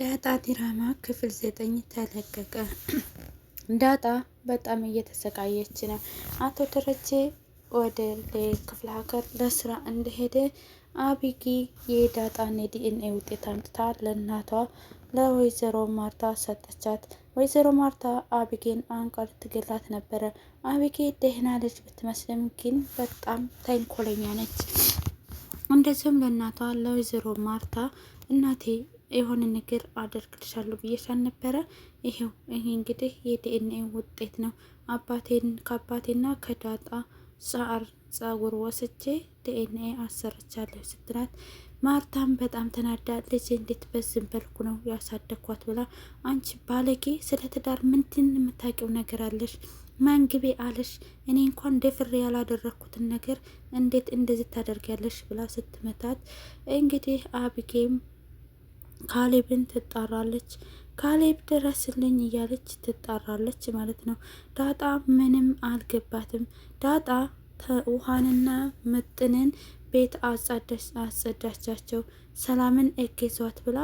ዳጣ ዲራማ ክፍል ዘጠኝ ተለቀቀ። ዳጣ በጣም እየተሰቃየች ነው። አቶ ደረጀ ወደ ክፍለ ሀገር ለስራ እንደሄደ አቢጊ የዳጣን የዲኤንኤ ውጤት አምጥታ ለእናቷ ለወይዘሮ ማርታ ሰጠቻት። ወይዘሮ ማርታ አቢጌን አንቀር ትገላት ነበረ። አቢጌ ደህና ልጅ ብትመስልም ግን በጣም ተንኮለኛ ነች። እንደዚሁም ለእናቷ ለወይዘሮ ማርታ እናቴ የሆነ ነገር አደርግልሻለሁ ብዬሽ አልነበረ? ይሄው ይሄ እንግዲህ የዲኤንኤ ውጤት ነው። አባቴን ከአባቴና ከዳጣ ጻር ጸጉር ወስቼ ዲኤንኤ አሰርቻለሁ ስትላት ማርታም በጣም ተናዳ ልጅ እንዴት በዚህ በልኩ ነው ያሳደግኳት ብላ አንቺ ባለጌ፣ ስለ ትዳር ምንድን የምታውቂው ነገር አለሽ? ማንግቤ አለሽ? እኔ እንኳን ደፍሬ ያላደረግኩትን ነገር እንዴት እንደዚህ ታደርጊያለሽ? ብላ ስትመታት እንግዲህ አብጌም ካሌብን ትጣራለች። ካሌብ ድረስልኝ እያለች ትጣራለች ማለት ነው። ዳጣ ምንም አልገባትም። ዳጣ ውሃንና ምጥንን ቤት አጸዳቻቸው፣ ሰላምን እግዟት ብላ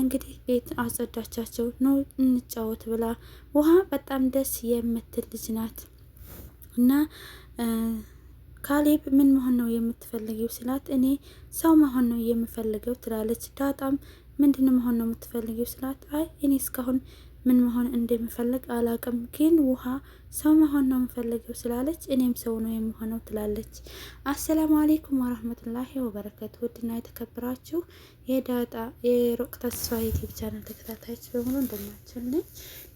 እንግዲህ ቤት አጸዳቻቸው። ኑ እንጫወት ብላ ውሃ በጣም ደስ የምትል ልጅ ናት እና ካሌብ ምን መሆን ነው የምትፈልገው ስላት፣ እኔ ሰው መሆን ነው የምፈልገው ትላለች። ዳጣም ምንድን መሆን ነው የምትፈልጊው ስላት፣ አይ እኔ እስካሁን ምን መሆን እንደምፈልግ አላቅም፣ ግን ውሃ ሰው መሆን ነው የምፈልገው ስላለች እኔም ሰው ነው የምሆነው ትላለች። አሰላሙ አሌይኩም ወረህመቱላሂ ወበረከቱ። ውድና የተከበራችሁ የዳጣ የሩቅ ተስፋ ዩቲዩብ ቻናል ተከታታዮች በሙሉ እንደምናችሁልኝ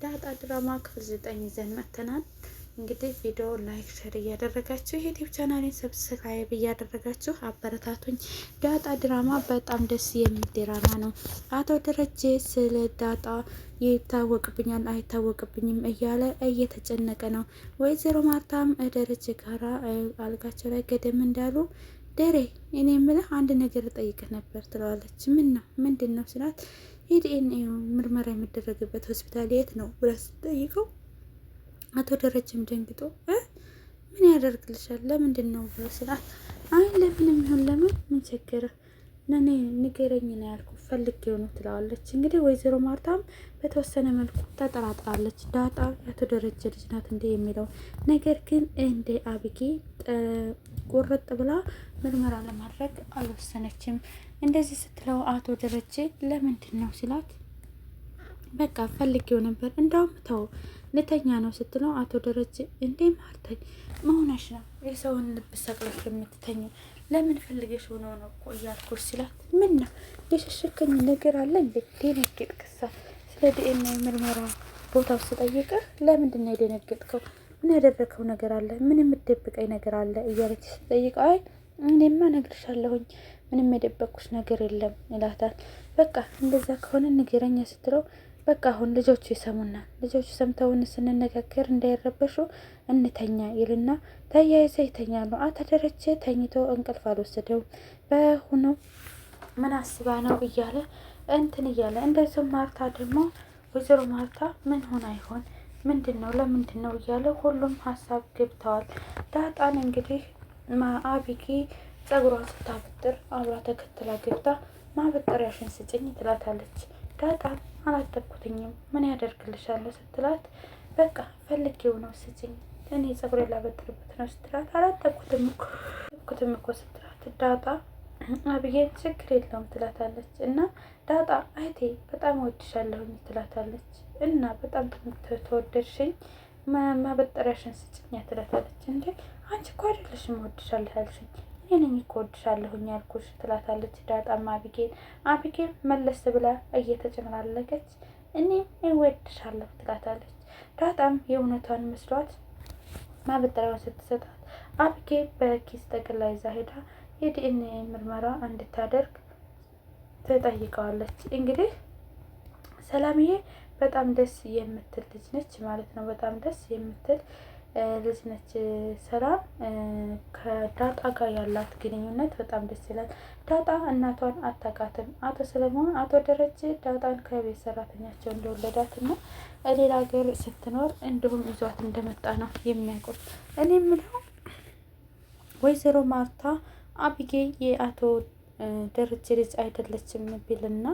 ዳጣ ድራማ ክፍል ዘጠኝ ይዘን መጥተናል። እንግዲህ ቪዲዮ ላይክ ሸር እያደረጋችሁ ዩቲዩብ ቻናሌን ሰብስክራይብ እያደረጋችሁ አበረታቱኝ። ዳጣ ድራማ በጣም ደስ የሚል ድራማ ነው። አቶ ደረጀ ስለ ዳጣ ይታወቅብኛል አይታወቅብኝም እያለ እየተጨነቀ ነው። ወይዘሮ ማርታም ደረጀ ጋራ አልጋቸው ላይ ገደም እንዳሉ ደሬ እኔ የምልህ አንድ ነገር ጠይቅህ ነበር ትለዋለች። ምን ነው ምንድን ነው ስላት የዲኤንኤ ምርመራ የሚደረግበት ሆስፒታል የት ነው ብላ ስትጠይቀው አቶ ደረጀም ደንግጦ ምን ያደርግልሻል? ለምንድን ነው ስላት፣ አይ ለምንም ይሁን ለምን ምን ቸገረ ነኔ ንገረኝ ነው ያልኩ ፈልግ የሆኑ ትለዋለች። እንግዲህ ወይዘሮ ማርታም በተወሰነ መልኩ ተጠራጥራለች። ዳጣ የአቶ ደረጀ ልጅ ናት እንዴ የሚለው ነገር ግን እንደ አብጌ ቁርጥ ብላ ምርመራ ለማድረግ አልወሰነችም። እንደዚህ ስትለው አቶ ደረጀ ለምንድን ነው ሲላት በቃ ፈልጌው ነበር፣ እንዳውም ተው ልተኛ ነው ስትለው አቶ ደረጀ እንዴ ማርተኝ መሆነሽ ነው የሰውን ልብ ሰቅለሽ የምትተኝ ለምን ፈልገሽ ሆነው ነው እኮ እያልኩሽ ሲላት፣ ምን ነው የሸሸከኝ ነገር አለ እንዴ ደነገጥ ክሳ ስለ ዲኤንኤ ምርመራ ቦታው ስጠይቀ ለምንድን ነው የደነገጥከው? ምን ያደረከው ነገር አለ? ምን የምትደብቀኝ ነገር አለ? እያለች ስጠይቀው አይ እኔማ እነግርሻለሁኝ ምንም የደበቅኩሽ ነገር የለም ይላታል። በቃ እንደዛ ከሆነ ንገረኛ ስትለው በቃ አሁን ልጆቹ ይሰሙና ልጆቹ ሰምተውን ስንነጋገር እንዳይረበሹ እንተኛ ይልና ተያይዘ ይተኛሉ። አቶ ደረጀ ተኝቶ እንቅልፍ አልወሰደው በሁኑ ምን አስባ ነው እያለ እንትን እያለ እንደዚሁ ማርታ ደግሞ ወይዘሮ ማርታ ምን ሆን አይሆን ምንድን ነው ለምንድን ነው እያለ ሁሉም ሀሳብ ገብተዋል። ዳጣን እንግዲህ አቢጊ ጸጉሯን ስታበጥር አብራ ተከትላ ገብታ ማበጠሪያሽን ስጭኝ ትላታለች። ዳጣም አላጠብኩትኝም ምን ያደርግልሻለሁ ስትላት በቃ ፈልጌው ነው ስጭኝ እኔ ጸጉሬ ላበጥርበት ነው ስትላት አላጠብኩትም እኮ ስትላት ዳጣ አብዬን ችግር የለውም ትላታለች እና ዳጣ አይቴ በጣም እወድሻለሁኝ ትላታለች እና በጣም ተወደድሽኝ ማበጠሪያሽን ስጭኛ ትላታለች እንዴ አንቺ እኮ አይደለሽም እወድሻለሁ ያልሽኝ እኔም እኮ እወድሻለሁኝ ያልኩሽ ትላታለች ዳጣም አቢጌል አቢጌል መለስ ብላ እየተጨመላለቀች እኔም እወድሻለሁ ትላታለች። ዳጣም የእውነቷን መስሏት ማበጠሪያውን ስትሰጣት አቢጌል በኪስ ጠቅልላ ይዛ ሄዳ የዲኤንኤ ምርመራ እንድታደርግ ትጠይቀዋለች። እንግዲህ ሰላምዬ በጣም ደስ የምትል ልጅ ነች ማለት ነው። በጣም ደስ የምትል ልጅ ነች ሰላም። ከዳጣ ጋር ያላት ግንኙነት በጣም ደስ ይላል። ዳጣ እናቷን አታውቃትም። አቶ ሰለሞን አቶ ደረጀ ዳጣን ከቤት ሰራተኛቸው እንደወለዳት እና ሌላ ሀገር ስትኖር እንዲሁም ይዟት እንደመጣ ነው የሚያውቁት። እኔ የምለው ወይዘሮ ማርታ አብጌ የአቶ ደረጀ ልጅ አይደለችም ቢልና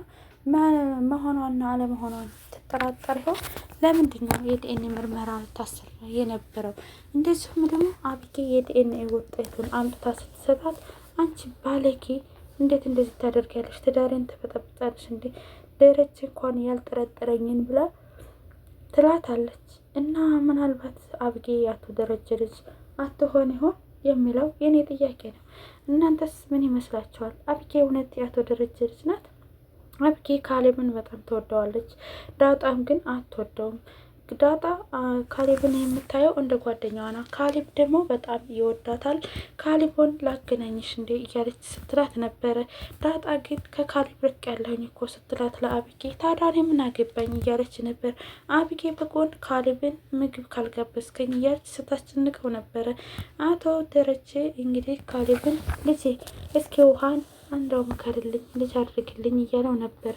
መሆኗና አለመሆኗን ትጠራጠር ይሆን? ለምንድን ነው የዲኤንኤ ምርመራ ልታሰራ የነበረው? እንደዚሁም ደግሞ አብጌ የዲኤንኤ ውጤቱን አምጥታ ስትሰጣት አንቺ ባለጌ እንዴት እንደዚህ ታደርጊያለሽ? ትዳሬን ተበጠብጣለሽ እንዴ? ደረች እንኳን ያልጠረጠረኝን ብላ ትላታለች። እና ምናልባት አብጌ ያቱ ደረጀ ልጅ አትሆን ይሆን የሚለው የእኔ ጥያቄ ነው። እናንተስ ምን ይመስላችኋል? አብጌ እውነት ያቶ ደረጀ ልጅ ናት? አብኬ ካሌብን በጣም ተወደዋለች ዳጣም ግን አትወደውም። ዳጣ ካሌብን የምታየው እንደ ጓደኛዋ ና ካሌብ ደግሞ በጣም ይወዳታል። ካሌቦን ላገናኝሽ እንዴ እያለች ስትላት ነበረ። ዳጣ ግን ከካሌብ ርቅ ያለሁኝ እኮ ስትላት ለአብጌ ታዳሪ ምን አገባኝ እያለች ነበር። አብጌ በጎን ካሌብን ምግብ ካልጋበዝከኝ እያለች ስታስጨንቀው ነበረ። አቶ ደረጀ እንግዲህ ካሌብን ልጄ እስኪ ውሃን እንደው ምከርልኝ ልጅ አድርግልኝ እያለው ነበረ።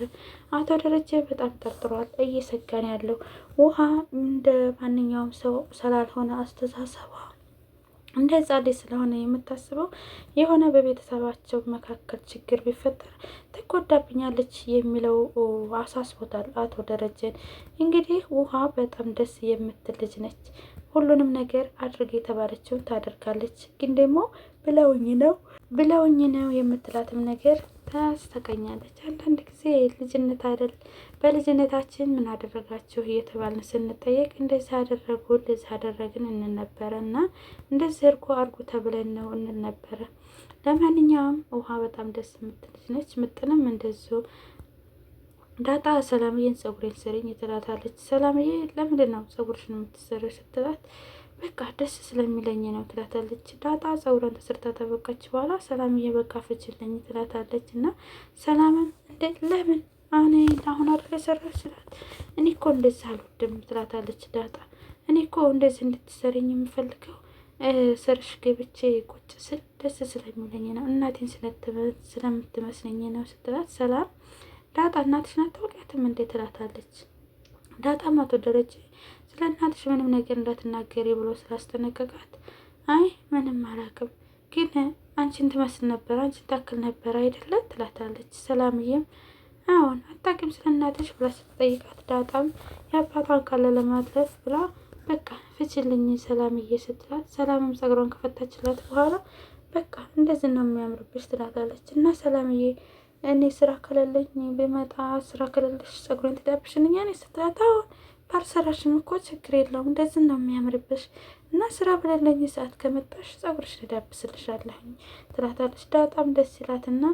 አቶ ደረጀ በጣም ጠርጥሯል፣ እየሰጋን ያለው ውሃ እንደ ማንኛውም ሰው ስላልሆነ አስተሳሰቧ እንደ ህጻሌ ስለሆነ የምታስበው የሆነ በቤተሰባቸው መካከል ችግር ቢፈጠር ትጎዳብኛለች የሚለው አሳስቦታል አቶ ደረጀን። እንግዲህ ውሃ በጣም ደስ የምትል ልጅ ነች። ሁሉንም ነገር አድርግ የተባለችውን ታደርጋለች። ግን ደግሞ ብለውኝ ነው ብለውኝ ነው የምትላትም ነገር ታስተቀኛለች። አንዳንድ ጊዜ ልጅነት አይደል በልጅነታችን ምን አደረጋችሁ እየተባልን ስንጠየቅ እንደዚህ አደረጉ እንደዚህ አደረግን እንነበረ እና እንደዚህ እርጎ አርጉ ተብለን ነው እንነበረ። ለማንኛውም ውሃ በጣም ደስ የምትልጅ ነች። ምጥንም እንደዚሁ ዳጣ ሰላምዬን ፀጉሬን ስሪኝ ትላታለች። ሰላምዬ ለምንድን ነው ፀጉርሽን የምትሰሪ ስትላት በቃ ደስ ስለሚለኝ ነው ትላታለች። ዳጣ ፀጉሯን ተሰርታ ተበቃች በኋላ ሰላም እየበቃ ፍችልኝ ትላታለች። እና ሰላምም እንደ ለምን አኔ አሁን አድርገ ሰራ ስላት እኔ እኮ እንደዚህ አልወድም ትላታለች ዳጣ። እኔ እኮ እንደዚህ እንድትሰርኝ የምፈልገው ሰርሽ ገብቼ ቁጭ ስል ደስ ስለሚለኝ ነው እናቴን ስለምትመስለኝ ነው ስትላት ሰላም ዳጣ እናትሽ ናት እንዴ ትላታለች። ዳጣ ማቶ ደረጀ ለእናትሽ ምንም ነገር እንዳትናገሪ ብሎ ስላስጠነቀቃት አይ ምንም አላውቅም፣ ግን አንቺን ትመስል ነበር፣ አንቺን ታክል ነበር አይደለ ትላታለች። ሰላምዬም አሁን አታውቂም ስለ እናትሽ ብላ ስትጠይቃት ዳጣም የአባቷን ካለ ለማድረስ ብላ በቃ ፍችልኝ ሰላምዬ ስትላት፣ ሰላምም ጸጉሯን ከፈታችላት በኋላ በቃ እንደዚህ ነው የሚያምርብሽ ትላታለች። እና ሰላምዬ እኔ ስራ ከሌለኝ ብመጣ ስራ ከሌለሽ ጸጉሬን ትዳብሽንኛ ስትላት አሁን ባልሰራሽም እኮ ችግር የለውም እንደዚህ ነው የሚያምርብሽ እና ስራ በሌለኝ ሰዓት ከመጣሽ ጸጉርሽ ልዳብስልሻለሁኝ ትላታለች። ዳጣም ደስ ይላትና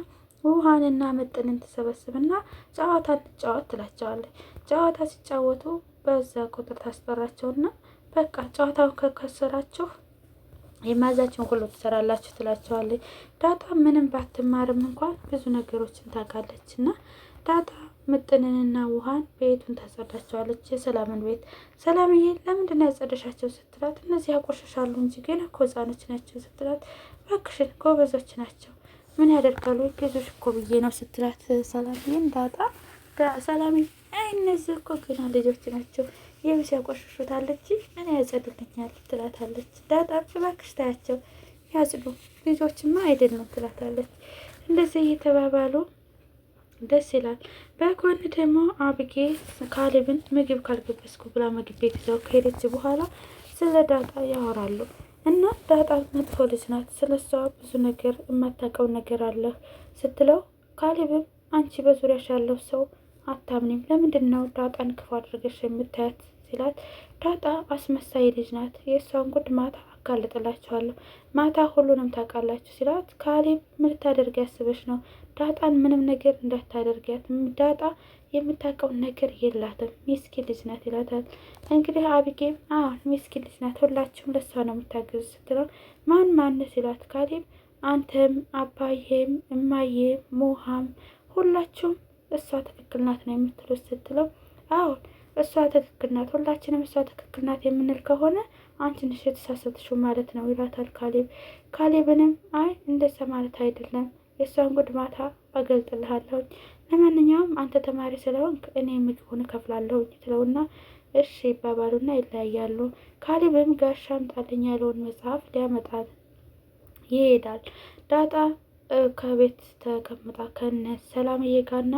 ውሃንና መጠንን ትሰበስብና ጨዋታ እንጫወት ትላቸዋለች። ጨዋታ ሲጫወቱ በዛ ቁጥር ታስጠራቸውና በቃ ጨዋታውን ከከሰራችሁ የማዛችሁን ሁሉ ትሰራላችሁ ትላቸዋለች። ዳጣ ምንም ባትማርም እንኳን ብዙ ነገሮችን ታውቃለች እና ዳጣ ምጥንንና ውሃን ቤቱን ታጸዳቸዋለች። የሰላምን ቤት ሰላምዬ ለምንድን ነው ያጸደሻቸው ስትላት እነዚህ ያቆሸሻሉ እንጂ ግን እኮ ህፃኖች ናቸው ስትላት እባክሽን ጎበዞች ናቸው ምን ያደርጋሉ ጌዞች እኮ ብዬ ነው ስትላት ሰላምዬ እንዳጣ ሰላምዬ እነዚህ እኮ ገና ልጆች ናቸው የብስ ያቆሸሹታል ምን ያጸዱልኛል ትላታለች። ዳጣ እባክሽ ታያቸው ያጽዱ ልጆችማ አይደለም ትላታለች። እንደዚህ እየተባባሉ ደስ ይላል። በጎን ደግሞ አብጌ ካሌብን ምግብ ካልገበስኩ ብላ ምግብ ቤት ይዛው ከሄደች በኋላ ስለ ዳጣ ያወራሉ እና ዳጣ መጥፎ ልጅ ናት፣ ስለ እሷ ብዙ ነገር የማታውቀው ነገር አለ ስትለው ካሌብም አንቺ በዙሪያሽ ያለው ሰው አታምኒም፣ ለምንድን ነው ዳጣን ክፉ አድርገሽ የምታያት ሲላት ዳጣ አስመሳይ ልጅ ናት፣ የእሷን ጉድ ማታ አጋልጥላችኋለሁ ማታ ሁሉንም ታውቃላችሁ ሲላት ካሌብ ምን ልታደርግ ያስበች ነው? ዳጣን ምንም ነገር እንዳታደርጊያት ዳጣ የምታውቀው ነገር የላትም ሚስኪን ልጅ ናት ይላታል። እንግዲህ አቢጌም አዎ ሚስኪን ልጅ ናት፣ ሁላችሁም ለሷ ነው የምታገዙ ስትለው ማን ማነት ይላት ካሌብ አንተም አባዬም እማዬም ሞሃም ሁላችሁም እሷ ትክክል ናት ነው የምትሉት ስትለው አዎ እሷ ትክክል ናት፣ ሁላችንም እሷ ትክክል ናት የምንል ከሆነ አንቺ ነሽ የተሳሳትሽው ማለት ነው ይላታል ካሌብ። ካሌብንም አይ እንደዛ ማለት አይደለም የእሷን ጉድ ማታ አገልጥልሃለሁኝ። ለማንኛውም አንተ ተማሪ ስለሆንክ እኔ ምግቡን እከፍላለሁኝ ትለውና እሺ ይባባሉና ይለያያሉ። ካሌብም ጋሻ አምጣልኝ ያለውን መጽሐፍ ሊያመጣል ይሄዳል። ዳጣ ከቤት ተቀምጣ ከነ ሰላምዬ ጋርና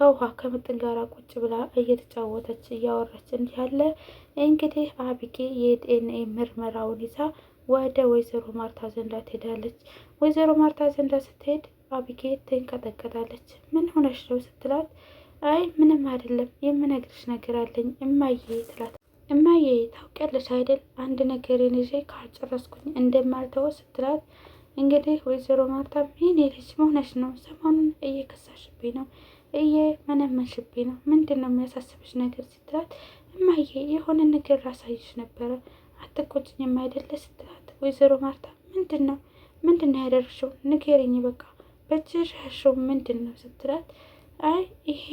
ከውሃ ከምጥን ጋር ቁጭ ብላ እየተጫወተች እያወራች እንዲህ እንግዲህ አቢጌ የዲኤንኤ ምርመራውን ይዛ ወደ ወይዘሮ ማርታ ዘንዳ ትሄዳለች። ወይዘሮ ማርታ ዘንዳ ስትሄድ አቢጌ ትንቀጠቀጣለች። ምን ሆነሽ ነው ስትላት፣ አይ ምንም አይደለም የምነግርሽ ነገር አለኝ እማዬ ትላት። እማዬ ታውቂያለሽ አይደል አንድ ነገር ይዤ ካልጨረስኩኝ እንደማልተወ ስትላት እንግዲህ ወይዘሮ ማርታ ይህን የልጅ መሆነሽ ነው ሰሞኑን እየከሳሽብኝ ነው እየመነመንሽቤ ነው። ምንድን ነው የሚያሳስብሽ ነገር ስትላት፣ እማዬ የሆነ ነገር ላሳይሽ ነበረ አትቆጭኝም የማይደለ ስትላት፣ ወይዘሮ ማርታ ምንድን ነው ምንድን ነው ያደርግሽው ንገሪኝ፣ በቃ በጭራሽው ምንድን ነው ስትላት፣ አይ ይሄ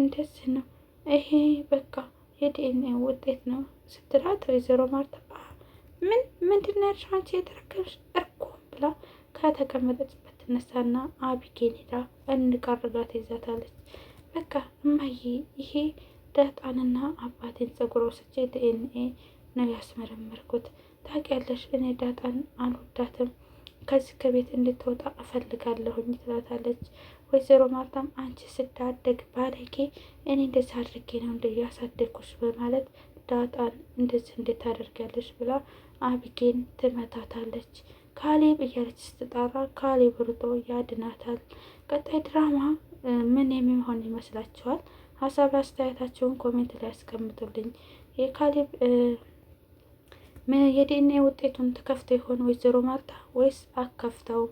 እንደዚህ ነው ይሄ በቃ የዲኤንኤ ውጤት ነው ስትላት፣ ወይዘሮ ማርታ ምን ምንድን ነው ያልሽው አንቺ የተረከብሽ እርኩም ብላ ከተቀመጠች ትነሳና አቢጌን ሄዳ እንቃርጋ ይዛታለች። በቃ እማዬ ይሄ ዳጣንና አባቴን ጸጉር ወስጄ ዲኤንኤ ነው ያስመረመርኩት። ታውቂያለሽ እኔ ዳጣን አልወዳትም፣ ከዚህ ከቤት እንድትወጣ እፈልጋለሁኝ ትላታለች። ወይዘሮ ማርታም አንቺ ስዳደግ ባለጌ፣ እኔ እንደዚህ አድርጌ ነው እንደ ያሳደግኩሽ በማለት ዳጣን እንደዚህ እንድታደርጋለች ብላ አቢጌን ትመታታለች። ካሌብ እያለች ስትጣራ ካሌብ ሩጦ ያድናታል። ቀጣይ ድራማ ምን የሚሆን ይመስላችኋል? ሀሳብ አስተያየታቸውን ኮሜንት ላይ ያስቀምጡልኝ። የካሌብ የዲኤንኤ ውጤቱን ተከፍተው ይሆን ወይዘሮ ማርታ ወይስ አከፍተው?